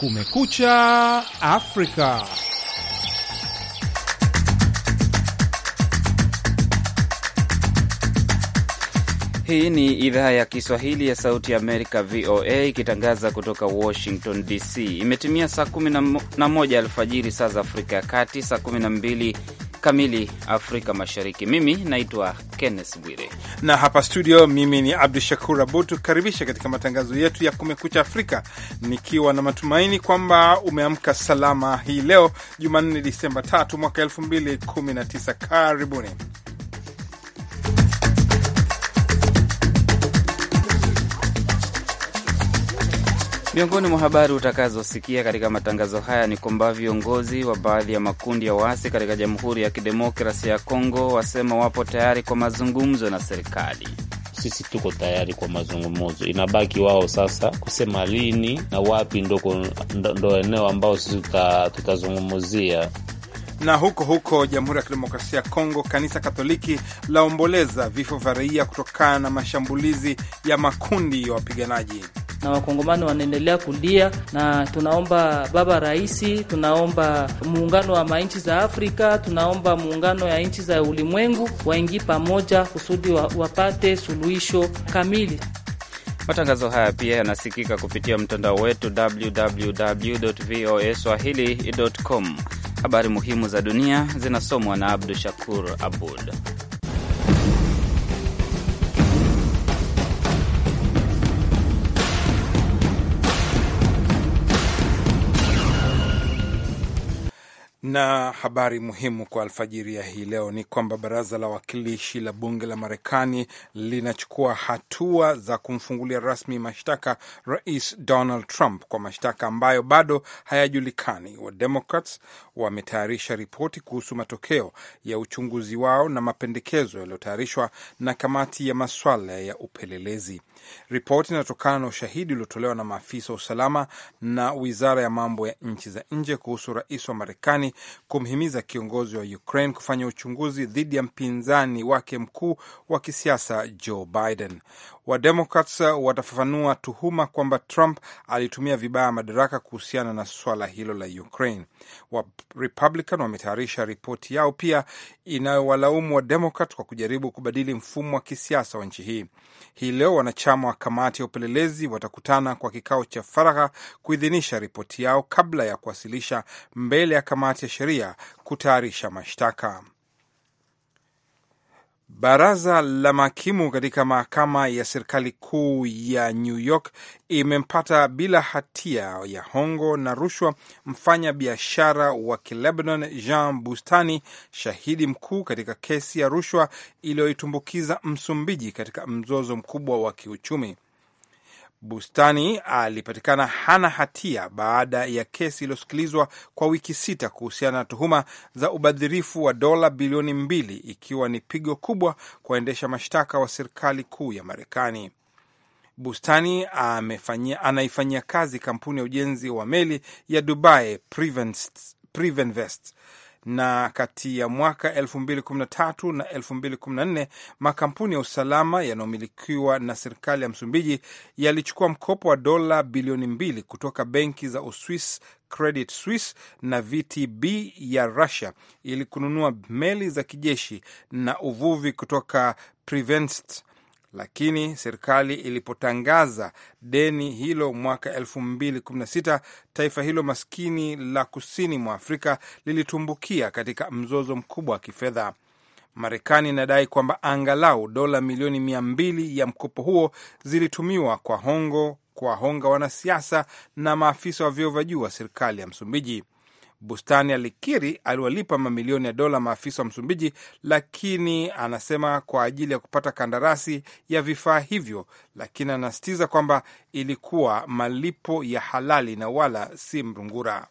Kumekucha Afrika. Hii ni idhaa ya Kiswahili ya Sauti ya Amerika, VOA, ikitangaza kutoka Washington DC. Imetimia saa 11 alfajiri saa za Afrika ya Kati, saa 12 kamili Afrika Mashariki. Mimi naitwa Kenneth Bwire na hapa studio, mimi ni Abdu Shakur Abud, tukukaribisha katika matangazo yetu ya Kumekucha Afrika, nikiwa na matumaini kwamba umeamka salama hii leo Jumanne, Disemba 3 mwaka 2019. Karibuni. Miongoni mwa habari utakazosikia katika matangazo haya ni kwamba viongozi wa baadhi ya makundi ya waasi katika Jamhuri ya Kidemokrasia ya Kongo wasema wapo tayari kwa mazungumzo na serikali. Sisi tuko tayari kwa mazungumzo, inabaki wao sasa kusema lini na wapi, ndo eneo ambao sisi tutazungumzia na huko huko Jamhuri ya Kidemokrasia ya Kongo, kanisa Katoliki laomboleza vifo vya raia kutokana na mashambulizi ya makundi ya wapiganaji na wakongomani wanaendelea kulia, na tunaomba baba raisi, tunaomba muungano wa manchi za Afrika, tunaomba muungano ya nchi za ulimwengu waingie pamoja kusudi wa, wapate suluhisho kamili. Matangazo haya pia yanasikika kupitia mtandao wetu www voa swahili com. Habari muhimu za dunia zinasomwa na Abdu Shakur Abud. Na habari muhimu kwa alfajiri ya hii leo ni kwamba baraza la wakilishi la bunge la Marekani linachukua hatua za kumfungulia rasmi mashtaka Rais Donald Trump kwa mashtaka ambayo bado hayajulikani. Wademokrats wametayarisha ripoti kuhusu matokeo ya uchunguzi wao na mapendekezo yaliyotayarishwa na kamati ya maswala ya upelelezi. Ripoti inatokana na ushahidi uliotolewa na maafisa wa usalama na wizara ya mambo ya nchi za nje kuhusu rais wa Marekani kumhimiza kiongozi wa Ukraine kufanya uchunguzi dhidi ya mpinzani wake mkuu wa kisiasa Joe Biden. Wademokrats watafafanua tuhuma kwamba Trump alitumia vibaya madaraka kuhusiana na swala hilo la Ukraine. Warepublican wametayarisha ripoti yao pia inayowalaumu Wademokrat kwa kujaribu kubadili mfumo wa kisiasa wa nchi hii. Hii leo wanachama wa kamati ya upelelezi watakutana kwa kikao cha faragha kuidhinisha ripoti yao kabla ya kuwasilisha mbele ya kamati ya sheria kutayarisha mashtaka. Baraza la mahakimu katika mahakama ya serikali kuu ya New York imempata bila hatia ya hongo na rushwa mfanya biashara wa Kilebanon Jean Bustani, shahidi mkuu katika kesi ya rushwa iliyoitumbukiza Msumbiji katika mzozo mkubwa wa kiuchumi. Bustani alipatikana hana hatia baada ya kesi iliyosikilizwa kwa wiki sita kuhusiana na tuhuma za ubadhirifu wa dola bilioni mbili ikiwa ni pigo kubwa kwa waendesha mashtaka wa serikali kuu ya Marekani. Bustani anaifanyia kazi kampuni ya ujenzi wa meli ya Dubai Privenvest na kati ya mwaka 2013 na 2014 makampuni ya usalama yanayomilikiwa na serikali ya Msumbiji yalichukua mkopo wa dola bilioni mbili kutoka benki za Uswis Credit Suisse na VTB ya Russia ili kununua meli za kijeshi na uvuvi kutoka Privenst lakini serikali ilipotangaza deni hilo mwaka 2016 taifa hilo maskini la kusini mwa Afrika lilitumbukia katika mzozo mkubwa wa kifedha. Marekani inadai kwamba angalau dola milioni mia mbili ya mkopo huo zilitumiwa kwa hongo kuwahonga wanasiasa na maafisa wa vyeo vya juu wa serikali ya Msumbiji. Bustani alikiri aliwalipa mamilioni ya dola maafisa wa Msumbiji, lakini anasema kwa ajili ya kupata kandarasi ya vifaa hivyo, lakini anasisitiza kwamba ilikuwa malipo ya halali na wala si mrungura.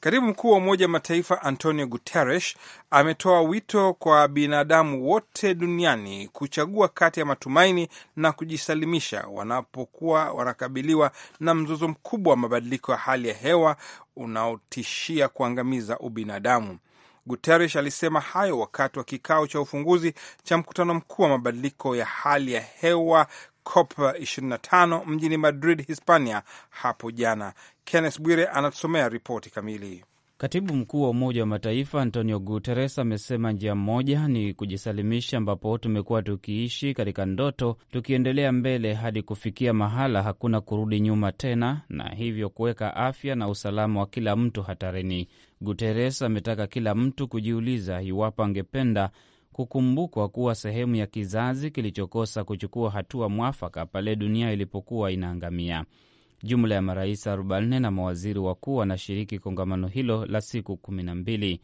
Katibu mkuu wa Umoja wa Mataifa Antonio Guterres ametoa wito kwa binadamu wote duniani kuchagua kati ya matumaini na kujisalimisha wanapokuwa wanakabiliwa na mzozo mkubwa wa mabadiliko ya hali ya hewa unaotishia kuangamiza ubinadamu. Guterres alisema hayo wakati wa kikao cha ufunguzi cha mkutano mkuu wa mabadiliko ya hali ya hewa COP 25 mjini Madrid, Hispania hapo jana. Kenneth Bwire anatusomea ripoti kamili. Katibu mkuu wa Umoja wa Mataifa Antonio Guterres amesema njia moja ni kujisalimisha, ambapo tumekuwa tukiishi katika ndoto, tukiendelea mbele hadi kufikia mahala hakuna kurudi nyuma tena, na hivyo kuweka afya na usalama wa kila mtu hatarini. Guterres ametaka kila mtu kujiuliza iwapo angependa kukumbukwa kuwa sehemu ya kizazi kilichokosa kuchukua hatua mwafaka pale dunia ilipokuwa inaangamia. Jumla ya marais 44 na mawaziri wakuu wanashiriki kongamano hilo la siku 12.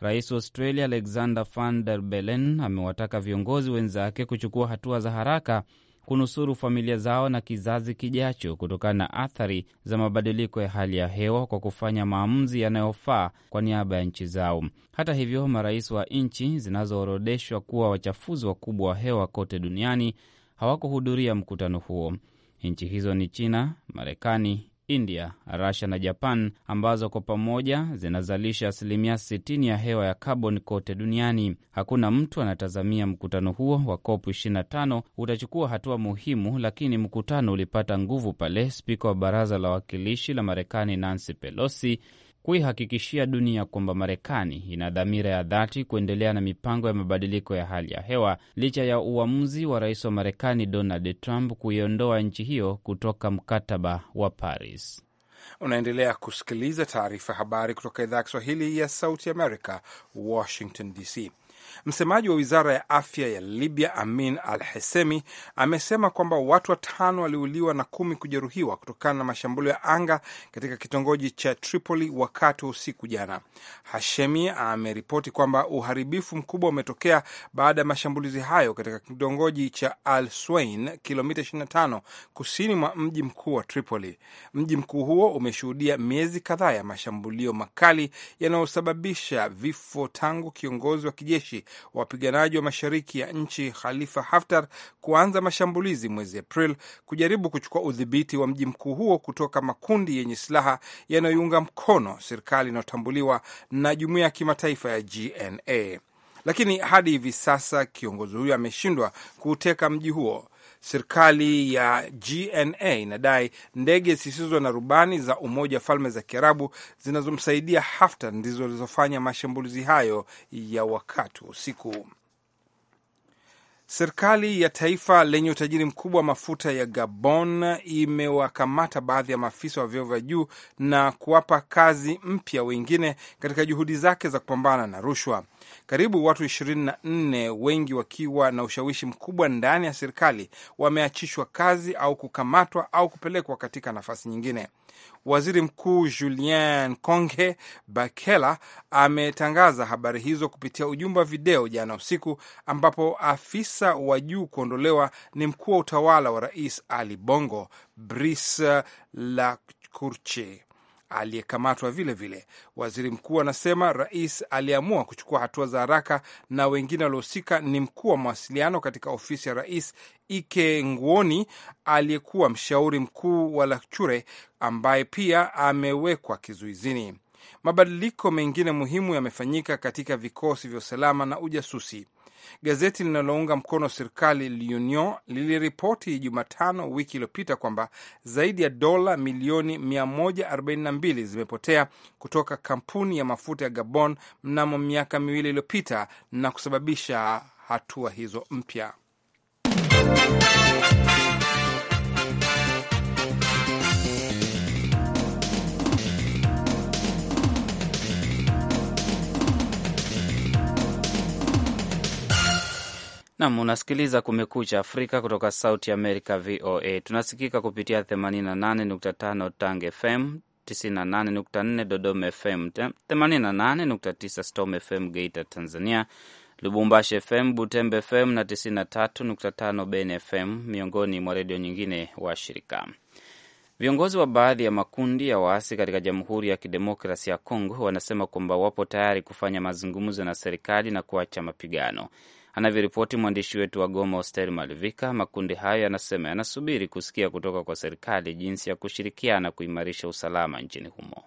Rais wa Australia Alexander Van Der Bellen amewataka viongozi wenzake kuchukua hatua za haraka kunusuru familia zao na kizazi kijacho kutokana na athari za mabadiliko ya hali ya hewa kwa kufanya maamuzi yanayofaa kwa niaba ya nchi zao. Hata hivyo, marais wa nchi zinazoorodeshwa kuwa wachafuzi wakubwa wa hewa kote duniani hawakuhudhuria mkutano huo. Nchi hizo ni China, Marekani, India, Russia na Japan ambazo kwa pamoja zinazalisha asilimia 60 ya hewa ya kaboni kote duniani. Hakuna mtu anatazamia mkutano huo wa COP 25 utachukua hatua muhimu, lakini mkutano ulipata nguvu pale spika wa baraza la wawakilishi la Marekani Nancy Pelosi kuihakikishia dunia kwamba Marekani ina dhamira ya dhati kuendelea na mipango ya mabadiliko ya hali ya hewa licha ya uamuzi wa rais wa Marekani Donald Trump kuiondoa nchi hiyo kutoka mkataba wa Paris. Unaendelea kusikiliza taarifa habari kutoka idhaa ya Kiswahili ya Sauti Amerika, Washington DC. Msemaji wa wizara ya afya ya Libya, Amin Al Hesemi, amesema kwamba watu watano waliuliwa na kumi kujeruhiwa kutokana na mashambulio ya anga katika kitongoji cha Tripoli wakati wa usiku jana. Hashemi ameripoti kwamba uharibifu mkubwa umetokea baada ya mashambulizi hayo katika kitongoji cha Al Swain, kilomita 25 kusini mwa mji mkuu wa Tripoli. Mji mkuu huo umeshuhudia miezi kadhaa ya mashambulio makali yanayosababisha vifo tangu kiongozi wa kijeshi wanajeshi wa wapiganaji wa mashariki ya nchi Khalifa Haftar kuanza mashambulizi mwezi april kujaribu kuchukua udhibiti wa mji mkuu huo kutoka makundi yenye silaha yanayoiunga mkono serikali inayotambuliwa na jumuiya ya kimataifa ya GNA. Lakini hadi hivi sasa kiongozi huyo ameshindwa kuuteka mji huo serikali ya GNA inadai ndege zisizo na rubani za Umoja wa Falme za Kiarabu zinazomsaidia Haftar ndizo zilizofanya mashambulizi hayo ya wakati wa usiku. Serikali ya taifa lenye utajiri mkubwa wa mafuta ya Gabon imewakamata baadhi ya maafisa wa vyeo vya juu na kuwapa kazi mpya wengine katika juhudi zake za kupambana na rushwa. Karibu watu 24 wengi wakiwa na ushawishi mkubwa ndani ya serikali wameachishwa kazi au kukamatwa au kupelekwa katika nafasi nyingine. Waziri Mkuu Julien Konge Bakela ametangaza habari hizo kupitia ujumbe wa video jana usiku, ambapo afisa wa juu kuondolewa ni mkuu wa utawala wa Rais Ali Bongo, Brice Lakurche aliyekamatwa vilevile. Waziri mkuu anasema rais aliamua kuchukua hatua za haraka, na wengine waliohusika ni mkuu wa mawasiliano katika ofisi ya rais Ike Nguoni, aliyekuwa mshauri mkuu wa Lachure ambaye pia amewekwa kizuizini. Mabadiliko mengine muhimu yamefanyika katika vikosi vya usalama na ujasusi. Gazeti linalounga mkono serikali L'Union liliripoti Jumatano wiki iliyopita kwamba zaidi ya dola milioni 142 zimepotea kutoka kampuni ya mafuta ya Gabon mnamo miaka miwili iliyopita na kusababisha hatua hizo mpya. Nam, unasikiliza Kumekucha Afrika kutoka Sauti Amerika, VOA. Tunasikika kupitia 88.5 Tang FM, 98.4 Dodoma FM, 88.9 Storm FM Geita Tanzania, Lubumbashi FM, Butembe FM na 93.5 Ben FM, miongoni mwa redio nyingine wa shirika. Viongozi wa baadhi ya makundi ya waasi katika Jamhuri ya Kidemokrasi ya congo wanasema kwamba wapo tayari kufanya mazungumzo na serikali na kuacha mapigano. Anavyoripoti mwandishi wetu wa Goma, Oster Malivika. Makundi hayo yanasema yanasubiri kusikia kutoka kwa serikali jinsi ya kushirikiana kuimarisha usalama nchini humo.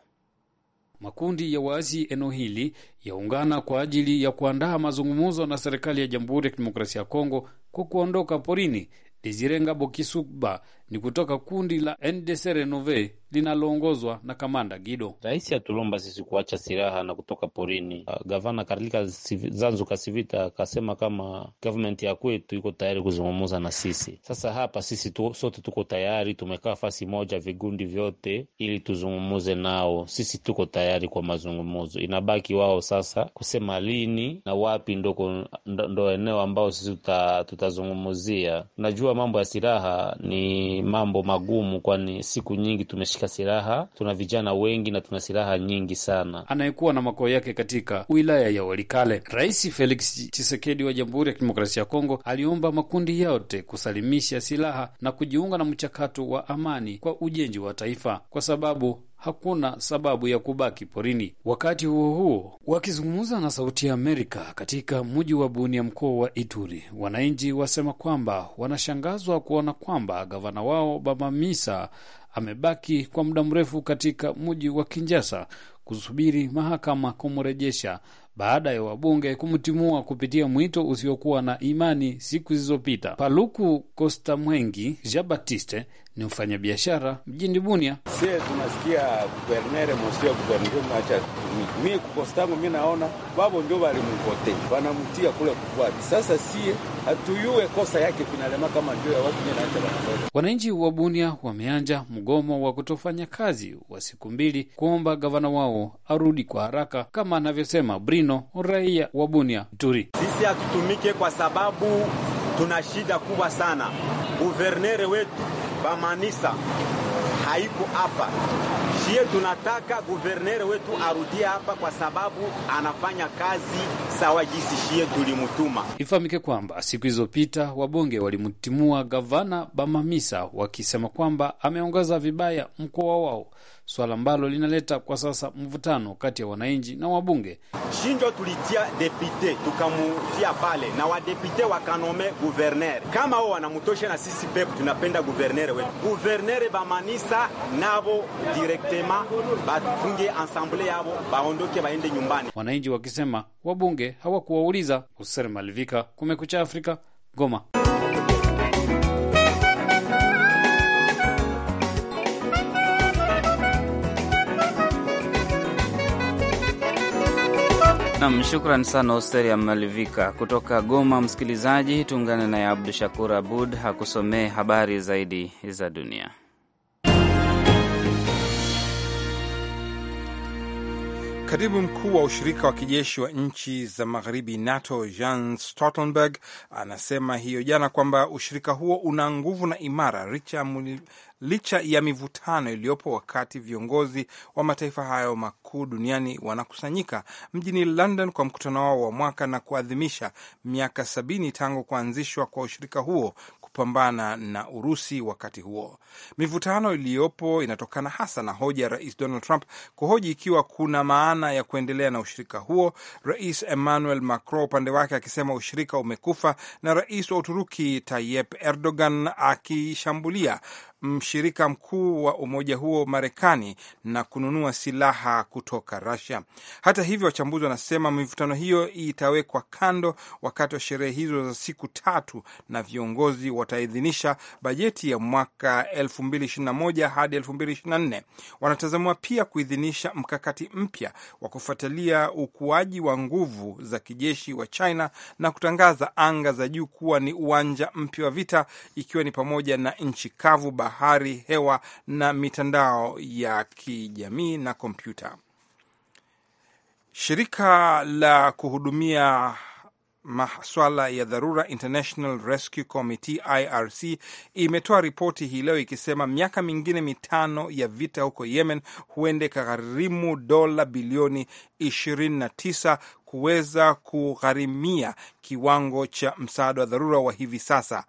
Makundi ya waasi eneo hili yaungana kwa ajili ya kuandaa mazungumzo na serikali ya Jamhuri ya Kidemokrasia ya Kongo kwa kuondoka porini. dizirenga bokisuba ni kutoka kundi la NDC Renove linaloongozwa na kamanda Gido. Rais atulomba sisi kuacha silaha na kutoka porini. Ah, Gavana katika Zanzu Kasivita akasema kama gavumenti ya kwetu iko tayari kuzungumuza na sisi. Sasa hapa sisi tu, sote tuko tayari, tumekaa fasi moja vigundi vyote ili tuzungumuze nao. Sisi tuko tayari kwa mazungumuzo, inabaki wao sasa kusema lini na wapi ndo, ndo eneo ambao sisi tutazungumuzia. Najua mambo ya silaha ni mambo magumu, kwani siku nyingi tumeshika silaha, tuna vijana wengi na tuna silaha nyingi sana. Anayekuwa na makao yake katika wilaya ya Walikale, Rais Felix Tshisekedi wa Jamhuri ya Kidemokrasia ya Kongo aliomba makundi yote kusalimisha silaha na kujiunga na mchakato wa amani kwa ujenzi wa taifa kwa sababu hakuna sababu ya kubaki porini. Wakati huo huo, wakizungumza na Sauti ya Amerika katika mji wa Bunia, mkoa wa Ituri, wananchi wasema kwamba wanashangazwa kuona kwamba gavana wao Baba Misa amebaki kwa muda mrefu katika mji wa kinjasa kusubiri mahakama kumrejesha baada ya wabunge kumtimua kupitia mwito usiokuwa na imani siku zilizopita. Paluku Kosta Mwengi Ja ni mfanyabiashara mjini Bunia. Sie tunasikia guvernere mosio guvernere acha mi kukostangu, mi naona babo ndio walimvote wanamutia kule kukwati. Sasa sie hatuyue kosa yake vinalema kama njo ya watu nyenaacha. Wananchi wa Bunia wameanja mgomo wa kutofanya kazi wa siku mbili kuomba gavana wao arudi kwa haraka, kama anavyosema Brino, raia wa Bunia Turi. Sisi hatutumike kwa sababu tuna shida kubwa sana, guvernere wetu bamanisa haiko hapa. Shie tunataka guvernere wetu arudie hapa, kwa sababu anafanya kazi sawa jinsi shie tulimutuma. Ifahamike kwamba siku hizopita wabunge walimtimua gavana Bamamisa wakisema kwamba ameongoza vibaya mkoa wao swala ambalo linaleta kwa sasa mvutano kati ya wananchi na wabunge. Shinjo tulitia depute tukamutia pale na wadepute wakanome guverner, kama wao wanamutosha na sisi pep tunapenda guvernere wetu, guvernere bamanisa navo direktema bafunge ensemble yavo baondoke baende nyumbani, wananchi wakisema wabunge hawakuwauliza. Hussein Malivika, Kumekucha Afrika, Goma. Nam, shukran sana Osteria Malivika kutoka Goma. Msikilizaji, tuungane naye Abdu Shakur Abud hakusomee habari zaidi za dunia. Katibu mkuu wa ushirika wa kijeshi wa nchi za magharibi NATO jean Stoltenberg anasema hiyo jana kwamba ushirika huo una nguvu na imara licha licha ya mivutano iliyopo wakati viongozi wa mataifa hayo makuu duniani wanakusanyika mjini London kwa mkutano wao wa mwaka na kuadhimisha miaka sabini tangu kuanzishwa kwa ushirika huo kupambana na Urusi. Wakati huo mivutano iliyopo inatokana hasa na hoja ya Rais Donald Trump kuhoji ikiwa kuna maana ya kuendelea na ushirika huo, Rais Emmanuel Macron upande wake akisema ushirika umekufa, na rais wa Uturuki Tayyip Erdogan akishambulia mshirika mkuu wa umoja huo Marekani na kununua silaha kutoka rasia Hata hivyo, wachambuzi wanasema mivutano hiyo itawekwa kando wakati wa sherehe hizo za siku tatu na viongozi wataidhinisha bajeti ya mwaka 2021 hadi 2024. Wanatazamiwa pia kuidhinisha mkakati mpya wa kufuatilia ukuaji wa nguvu za kijeshi wa China na kutangaza anga za juu kuwa ni uwanja mpya wa vita, ikiwa ni pamoja na nchi kavu bahari, hewa na mitandao ya kijamii na kompyuta. Shirika la kuhudumia maswala ya dharura International Rescue Committee IRC imetoa ripoti hii leo ikisema miaka mingine mitano ya vita huko Yemen huenda ikagharimu dola bilioni 29 kuweza kugharimia kiwango cha msaada wa dharura wa hivi sasa.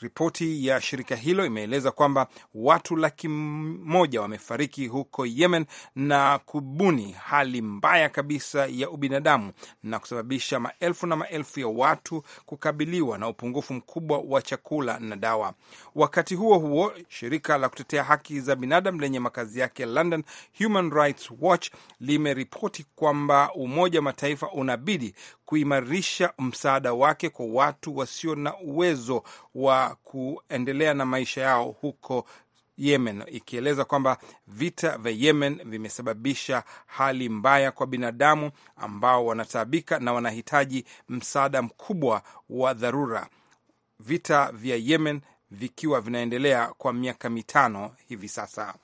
Ripoti ya shirika hilo imeeleza kwamba watu laki moja wamefariki huko Yemen na kubuni hali mbaya kabisa ya ubinadamu na kusababisha maelfu na maelfu ya watu kukabiliwa na upungufu mkubwa wa chakula na dawa. Wakati huo huo, shirika la kutetea haki za binadamu lenye makazi yake London, Human Rights Watch limeripoti kwamba Umoja wa Mataifa unabidi kuimarisha msaada wake kwa watu wasio na uwezo wa kuendelea na maisha yao huko Yemen, ikieleza kwamba vita vya Yemen vimesababisha hali mbaya kwa binadamu ambao wanataabika na wanahitaji msaada mkubwa wa dharura, vita vya Yemen vikiwa vinaendelea kwa miaka mitano hivi sasa.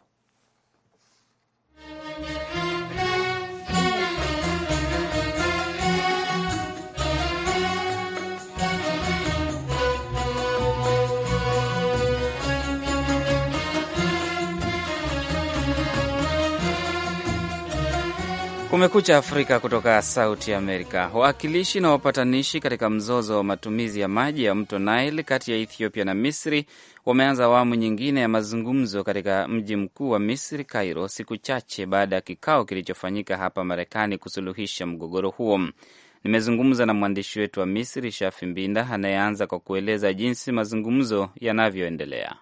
Kumekucha Afrika kutoka Sauti ya Amerika. Wawakilishi na wapatanishi katika mzozo wa matumizi ya maji ya mto Nile kati ya Ethiopia na Misri wameanza awamu nyingine ya mazungumzo katika mji mkuu wa Misri, Cairo, siku chache baada ya kikao kilichofanyika hapa Marekani kusuluhisha mgogoro huo. Nimezungumza na mwandishi wetu wa Misri, Shafi Mbinda, anayeanza kwa kueleza jinsi mazungumzo yanavyoendelea.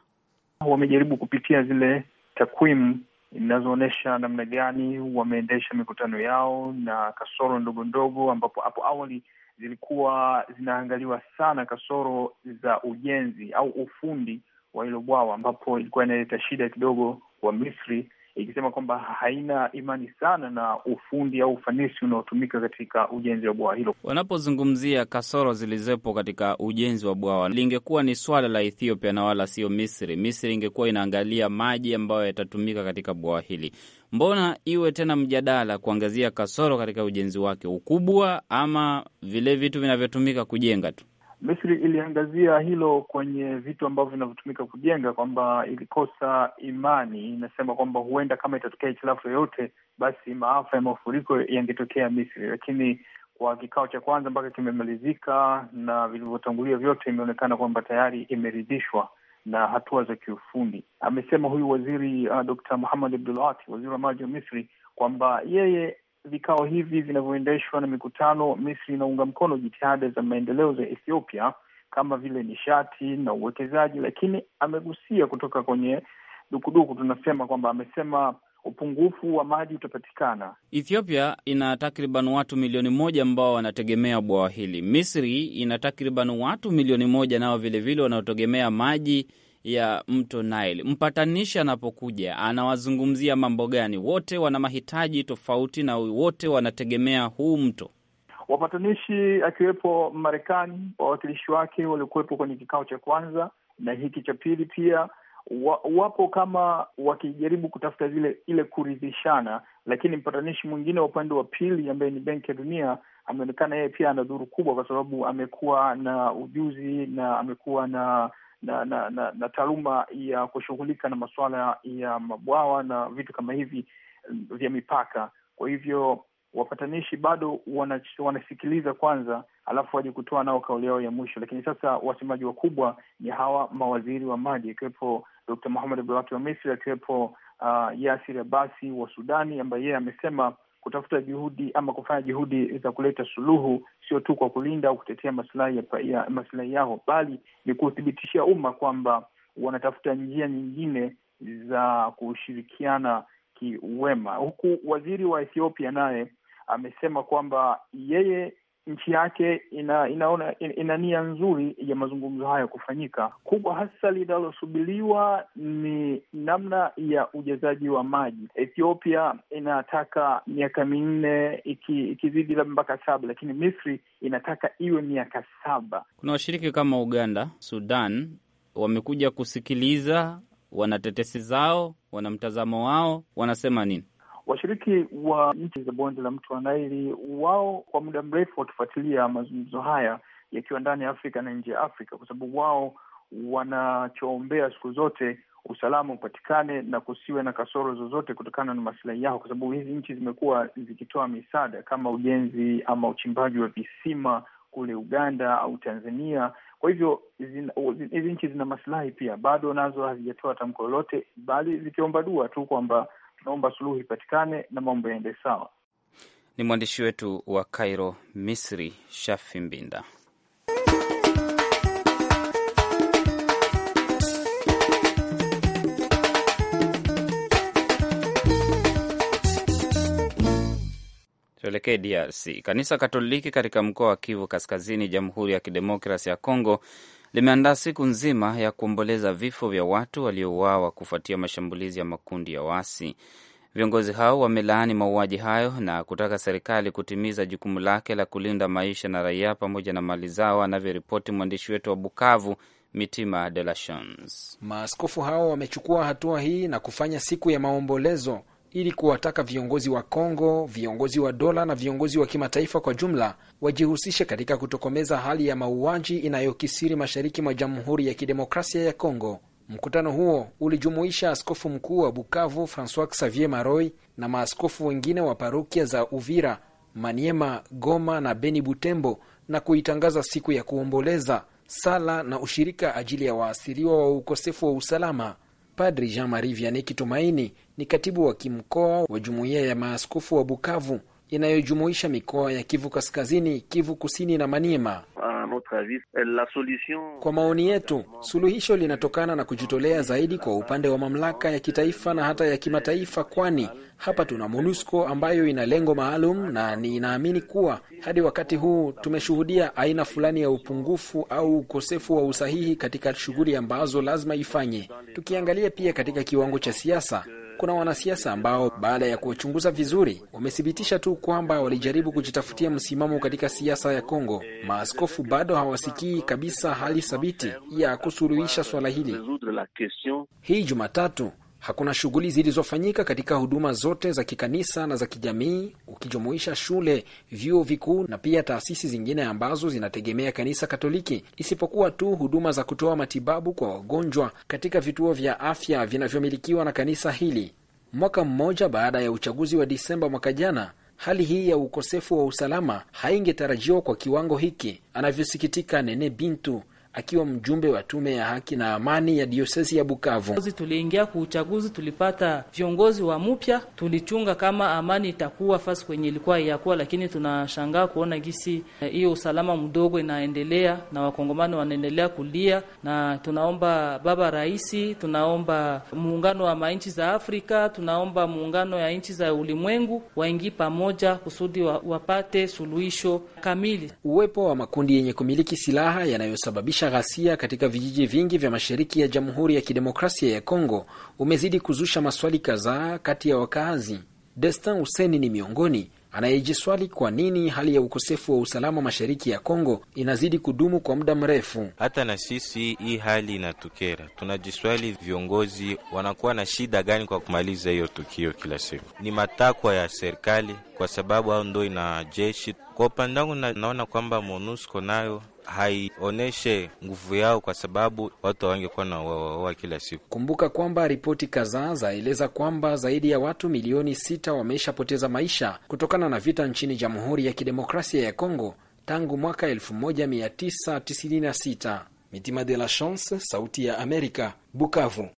Wamejaribu kupitia zile takwimu inazoonyesha namna gani wameendesha mikutano yao na kasoro ndogo ndogo, ambapo hapo awali zilikuwa zinaangaliwa sana kasoro za ujenzi au ufundi wa hilo bwawa, ambapo ilikuwa inaleta shida kidogo kwa Misri ikisema kwamba haina imani sana na ufundi au ufanisi unaotumika katika ujenzi wa bwawa hilo. Wanapozungumzia kasoro zilizopo katika ujenzi wa bwawa, lingekuwa ni swala la Ethiopia na wala sio Misri. Misri ingekuwa inaangalia maji ambayo yatatumika katika bwawa hili. Mbona iwe tena mjadala kuangazia kasoro katika ujenzi wake, ukubwa ama vile vitu vinavyotumika kujenga tu? Misri iliangazia hilo kwenye vitu ambavyo vinavyotumika kujenga, kwamba ilikosa imani. Inasema kwamba huenda kama itatokea hitilafu yoyote, basi maafa ya mafuriko yangetokea Misri, lakini kwa kikao cha kwanza mpaka kimemalizika na vilivyotangulia vyote, imeonekana kwamba tayari imeridhishwa na hatua za kiufundi. Amesema huyu waziri uh, Dr. Mohamed Abdulati, waziri wa maji wa Misri, kwamba yeye vikao hivi vinavyoendeshwa na mikutano, Misri inaunga mkono jitihada za maendeleo za Ethiopia kama vile nishati na uwekezaji, lakini amegusia kutoka kwenye dukuduku, tunasema kwamba amesema upungufu wa maji utapatikana. Ethiopia ina takriban watu milioni moja ambao wanategemea bwawa hili. Misri ina takriban watu milioni moja nao vilevile wanaotegemea maji ya mto Nile, mpatanishi anapokuja anawazungumzia mambo gani? Wote wana mahitaji tofauti na wote wanategemea huu mto. Wapatanishi akiwepo Marekani, wawakilishi wake waliokuwepo kwenye kikao cha kwanza na hiki cha pili pia wa, wapo kama wakijaribu kutafuta zile ile kuridhishana, lakini mpatanishi mwingine wa upande wa pili ambaye ni Benki ya Dunia ameonekana yeye pia ana dhuru kubwa, kwa sababu amekuwa na ujuzi na amekuwa na na na, na, na taaluma ya kushughulika na masuala ya mabwawa na vitu kama hivi mm, vya mipaka. Kwa hivyo wapatanishi bado wanasikiliza kwanza, alafu waje kutoa nao kauli yao ya mwisho. Lakini sasa wasemaji wakubwa ni hawa mawaziri wa maji, akiwepo Dkt. Mohamed Abdullahi wa Misri, akiwepo uh, Yasir Abasi wa Sudani ambaye yeye amesema kutafuta juhudi ama kufanya juhudi za kuleta suluhu sio tu kwa kulinda au kutetea maslahi ya, ya maslahi yao, bali ni kuthibitishia umma kwamba wanatafuta njia nyingine za kushirikiana kiwema, huku waziri wa Ethiopia naye amesema kwamba yeye nchi yake ina inaona ina nia nzuri ya mazungumzo hayo kufanyika. Kubwa hasa linalosubiliwa ni namna ya ujazaji wa maji. Ethiopia inataka miaka minne ikizidi iki labda mpaka saba, lakini Misri inataka iwe miaka saba. Kuna washiriki kama Uganda, Sudan wamekuja kusikiliza, wana tetesi zao, wana mtazamo wao, wanasema nini? Washiriki wa nchi za bonde la mto wa Naili, wao kwa muda mrefu wakifuatilia mazungumzo haya yakiwa ndani ya Afrika na nje ya Afrika, kwa sababu wao wanachoombea siku zote usalama upatikane na kusiwe na kasoro zozote kutokana na masilahi yao, kwa sababu hizi nchi zimekuwa zikitoa misaada kama ujenzi ama uchimbaji wa visima kule Uganda au Tanzania. Kwa hivyo hizi nchi zina masilahi pia, bado nazo hazijatoa tamko lolote, bali zikiomba dua tu kwamba Tunaomba suluhu ipatikane na mambo yaende sawa. Ni mwandishi wetu wa Kairo, Misri, Shafi Mbinda. Tuelekee DRC. Kanisa Katoliki katika mkoa wa Kivu Kaskazini, Jamhuri ya Kidemokrasi ya Kongo limeandaa siku nzima ya kuomboleza vifo vya watu waliouawa kufuatia mashambulizi ya makundi ya waasi. Viongozi hao wamelaani mauaji hayo na kutaka serikali kutimiza jukumu lake la kulinda maisha na raia pamoja na mali zao, anavyoripoti mwandishi wetu wa Bukavu, Mitima De La Maaskofu hao wamechukua hatua hii na kufanya siku ya maombolezo ili kuwataka viongozi wa Kongo, viongozi wa dola na viongozi wa kimataifa kwa jumla wajihusishe katika kutokomeza hali ya mauaji inayokisiri mashariki mwa Jamhuri ya Kidemokrasia ya Kongo. Mkutano huo ulijumuisha askofu mkuu wa Bukavu Francois Xavier Maroy na maaskofu wengine wa parokia za Uvira, Maniema, Goma na Beni Butembo, na kuitangaza siku ya kuomboleza, sala na ushirika ajili ya waathiriwa wa ukosefu wa usalama. Padri Jean-Marie Vianney Kitumaini ni katibu wa kimkoa wa jumuiya ya maaskofu wa Bukavu inayojumuisha mikoa ya Kivu Kaskazini, Kivu Kusini na Maniema. Ah, kwa maoni yetu, suluhisho linatokana na kujitolea zaidi kwa upande wa mamlaka ya kitaifa na hata ya kimataifa, kwani hapa tuna MONUSCO ambayo ina lengo maalum, na ninaamini kuwa hadi wakati huu tumeshuhudia aina fulani ya upungufu au ukosefu wa usahihi katika shughuli ambazo lazima ifanye. Tukiangalia pia katika kiwango cha siasa kuna wanasiasa ambao baada ya kuwachunguza vizuri wamethibitisha tu kwamba walijaribu kujitafutia msimamo katika siasa ya Kongo. Maaskofu bado hawasikii kabisa hali thabiti ya kusuluhisha swala hili. Hii Jumatatu hakuna shughuli zilizofanyika katika huduma zote za kikanisa na za kijamii, ukijumuisha shule, vyuo vikuu na pia taasisi zingine ambazo zinategemea kanisa Katoliki, isipokuwa tu huduma za kutoa matibabu kwa wagonjwa katika vituo vya afya vinavyomilikiwa na kanisa hili. Mwaka mmoja baada ya uchaguzi wa Disemba mwaka jana hali hii ya ukosefu wa usalama haingetarajiwa kwa kiwango hiki, anavyosikitika Nene Bintu akiwa mjumbe wa tume ya haki na amani ya diosesi ya Bukavu. Tuliingia ku uchaguzi, tulipata viongozi wa mupya, tulichunga kama amani itakuwa fasi kwenye ilikuwa iyakuwa, lakini tunashangaa kuona gisi eh, hiyo usalama mdogo inaendelea na wakongomani wanaendelea kulia, na tunaomba baba raisi, tunaomba muungano wa manchi za Afrika, tunaomba muungano ya nchi za ulimwengu waingii pamoja kusudi wapate suluhisho kamili. Uwepo wa makundi yenye kumiliki silaha yanayosababisha kusababisha ghasia katika vijiji vingi vya mashariki ya Jamhuri ya Kidemokrasia ya Kongo umezidi kuzusha maswali kadhaa kati ya wakaazi. Destin Huseni ni miongoni anayejiswali kwa nini hali ya ukosefu wa usalama mashariki ya Kongo inazidi kudumu kwa muda mrefu. Hata na sisi hii hali inatukera, tunajiswali viongozi wanakuwa na shida gani kwa kumaliza hiyo tukio kila siku. Ni matakwa ya serikali, kwa sababu hao ndo ina jeshi. Kwa upande wangu, naona kwamba MONUSCO nayo haionyeshe nguvu yao, kwa sababu watu hawangekuwa na wawaoa kila siku. Kumbuka kwamba ripoti kadhaa zaeleza kwamba zaidi ya watu milioni sita wameshapoteza maisha kutokana na vita nchini Jamhuri ya Kidemokrasia ya Kongo tangu mwaka 1996. Mitima de la Chance, Sauti ya Amerika, Bukavu.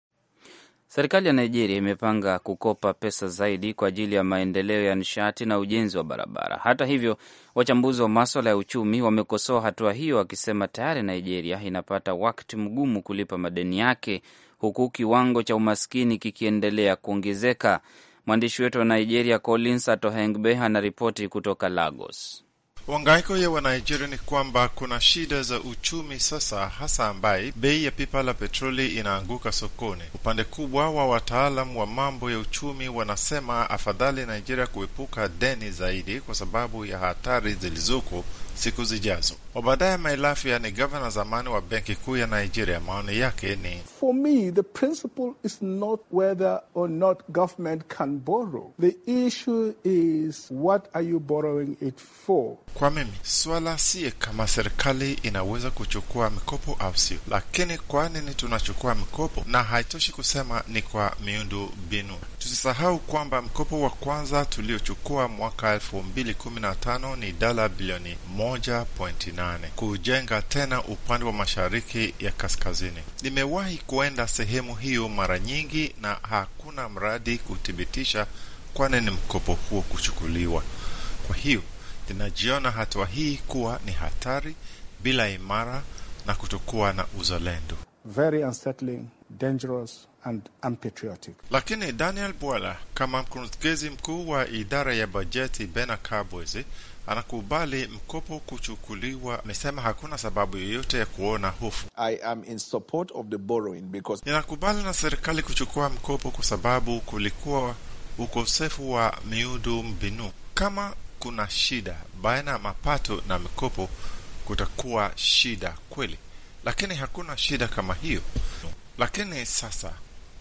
Serikali ya Nigeria imepanga kukopa pesa zaidi kwa ajili ya maendeleo ya nishati na ujenzi wa barabara. Hata hivyo, Wachambuzi wa maswala ya uchumi wamekosoa hatua hiyo, wakisema tayari Nigeria inapata wakati mgumu kulipa madeni yake, huku kiwango cha umaskini kikiendelea kuongezeka. Mwandishi wetu wa Nigeria Collins Atohengbe anaripoti kutoka Lagos. Wangaiko ya Wanigeria ni kwamba kuna shida za uchumi sasa, hasa ambaye bei ya pipa la petroli inaanguka sokoni. Upande kubwa wa wataalam wa mambo ya uchumi wanasema afadhali Nigeria kuepuka deni zaidi kwa sababu ya hatari zilizoko siku zijazo. Obadaya Mailafya ni gavana zamani wa benki kuu ya Nigeria. Maoni yake ni For me, the principle is not whether or not government can borrow. The issue is what are you borrowing it for? Kwa mimi swala siye kama serikali inaweza kuchukua mikopo au sio, lakini kwa nini tunachukua mikopo, na haitoshi kusema ni kwa miundo mbinu Tusisahau kwamba mkopo wa kwanza tuliochukua mwaka 2015 ni dola bilioni 1.8 kujenga tena upande wa mashariki ya kaskazini. Nimewahi kuenda sehemu hiyo mara nyingi na hakuna mradi kuthibitisha, kwani ni mkopo huo kuchukuliwa. Kwa hiyo ninajiona hatua hii kuwa ni hatari, bila imara na kutokuwa na uzalendo. Very unsettling, dangerous and unpatriotic. Lakini Daniel Bwala kama mkurugenzi mkuu wa idara ya bajeti Bena Kabwezi anakubali mkopo kuchukuliwa. Amesema hakuna sababu yoyote ya kuona hofu. I am in support of the borrowing because... ninakubali na serikali kuchukua mkopo kwa sababu kulikuwa ukosefu wa miundu mbinu. Kama kuna shida baina ya mapato na mikopo, kutakuwa shida kweli, lakini hakuna shida kama hiyo. Lakini sasa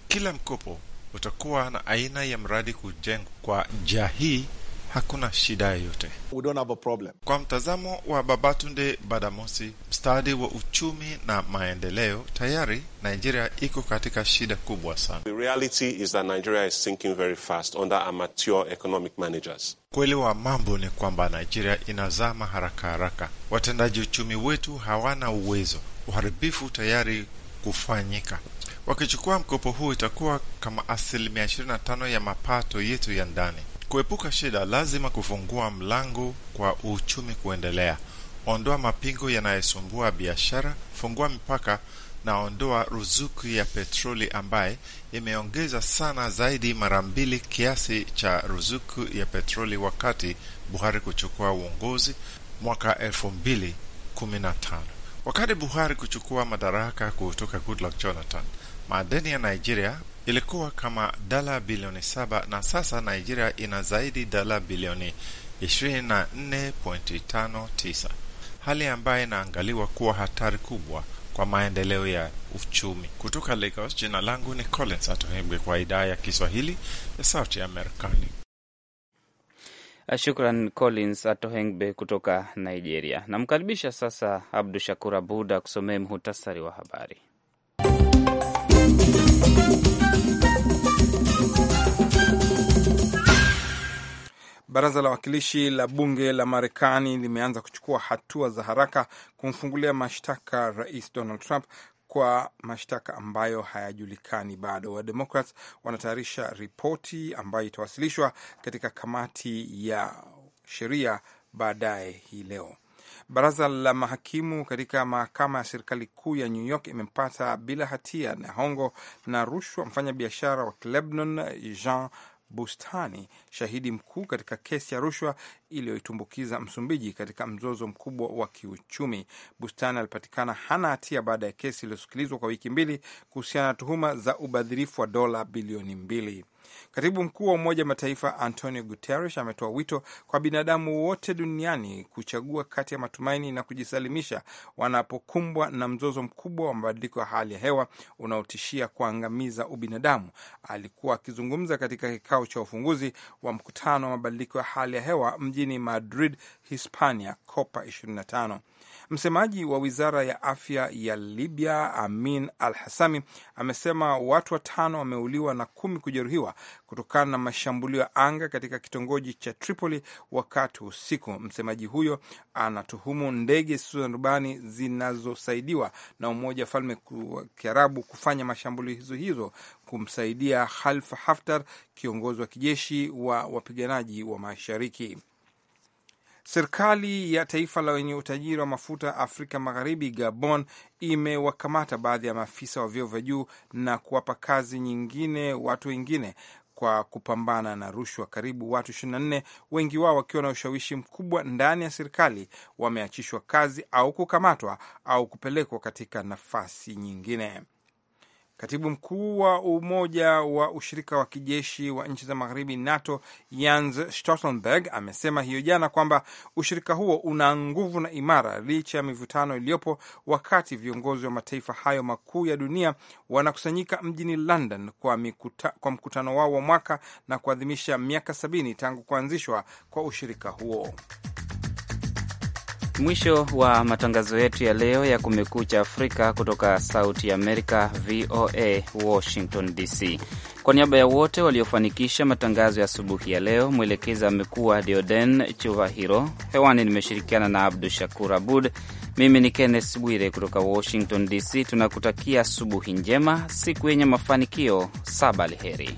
kila mkopo utakuwa na aina ya mradi kujengwa. Kwa njia hii hakuna shida yoyote. We don't have a problem. Kwa mtazamo wa Babatunde Badamosi, mstadi wa uchumi na maendeleo, tayari Nigeria iko katika shida kubwa sana. The reality is that Nigeria is sinking very fast under amateur economic managers. Kweli wa mambo ni kwamba Nigeria inazama haraka haraka, watendaji uchumi wetu hawana uwezo, uharibifu tayari kufanyika. Wakichukua mkopo huu itakuwa kama asilimia 25 ya mapato yetu ya ndani. Kuepuka shida, lazima kufungua mlango kwa uchumi kuendelea. Ondoa mapingo yanayosumbua biashara, fungua mipaka na ondoa ruzuku ya petroli ambaye imeongeza sana zaidi mara mbili kiasi cha ruzuku ya petroli wakati Buhari kuchukua uongozi mwaka 2015. Wakati Buhari kuchukua madaraka kutoka Goodluck Jonathan, Madeni ya Nigeria ilikuwa kama dala bilioni saba na sasa Nigeria ina zaidi dala bilioni 24.59, hali ambayo inaangaliwa kuwa hatari kubwa kwa maendeleo ya uchumi. Kutoka Lagos, jina langu ni Collins Atohegwe kwa idaa ya Kiswahili ya Sauti ya Marekani. Ah, shukran Collins Atohengbe kutoka Nigeria. Namkaribisha sasa Abdu Shakur Abud akusomee muhutasari wa habari. Baraza la Wakilishi la bunge la Marekani limeanza kuchukua hatua za haraka kumfungulia mashtaka Rais Donald Trump kwa mashtaka ambayo hayajulikani bado. wademokrat wanatayarisha ripoti ambayo itawasilishwa katika kamati ya sheria baadaye hii leo. Baraza la mahakimu katika mahakama ya serikali kuu ya New York imempata bila hatia na hongo na rushwa mfanyabiashara wa Lebanon Jean Bustani, shahidi mkuu katika kesi ya rushwa iliyoitumbukiza Msumbiji katika mzozo mkubwa wa kiuchumi. Bustani alipatikana hana hatia baada ya kesi iliyosikilizwa kwa wiki mbili kuhusiana na tuhuma za ubadhirifu wa dola bilioni mbili. Katibu mkuu wa Umoja Mataifa Antonio Guterres ametoa wito kwa binadamu wote duniani kuchagua kati ya matumaini na kujisalimisha wanapokumbwa na mzozo mkubwa wa mabadiliko ya hali ya hewa unaotishia kuangamiza ubinadamu. Alikuwa akizungumza katika kikao cha ufunguzi wa mkutano wa mabadiliko ya hali ya hewa mjini Madrid, Hispania, COPA 25. Msemaji wa wizara ya afya ya Libya, Amin Al Hasami, amesema watu watano wameuliwa na kumi kujeruhiwa kutokana na mashambulio ya anga katika kitongoji cha Tripoli wakati usiku. Msemaji huyo anatuhumu ndege zisizo na rubani zinazosaidiwa na Umoja wa Falme wa Kiarabu kufanya mashambulizo hizo kumsaidia Khalifa Haftar, kiongozi wa kijeshi wa wapiganaji wa mashariki. Serikali ya taifa la wenye utajiri wa mafuta Afrika Magharibi, Gabon, imewakamata baadhi ya maafisa wa vyeo vya juu na kuwapa kazi nyingine watu wengine kwa kupambana na rushwa. Karibu watu 24 wengi wao wakiwa na ushawishi mkubwa ndani ya serikali wameachishwa kazi au kukamatwa au kupelekwa katika nafasi nyingine. Katibu mkuu wa Umoja wa ushirika wa kijeshi wa nchi za magharibi NATO Jens Stoltenberg amesema hiyo jana kwamba ushirika huo una nguvu na imara licha ya mivutano iliyopo, wakati viongozi wa mataifa hayo makuu ya dunia wanakusanyika mjini London kwa, mikuta, kwa mkutano wao wa mwaka na kuadhimisha miaka sabini tangu kuanzishwa kwa ushirika huo. Mwisho wa matangazo yetu ya leo ya Kumekucha Afrika kutoka Sauti Amerika, VOA Washington DC. Kwa niaba ya wote waliofanikisha matangazo ya asubuhi ya leo, mwelekezi amekuwa Dioden Chuvahiro. Hewani nimeshirikiana na Abdu Shakur Abud. Mimi ni Kenneth Bwire kutoka Washington DC. Tunakutakia asubuhi njema, siku yenye mafanikio. Sabaheri.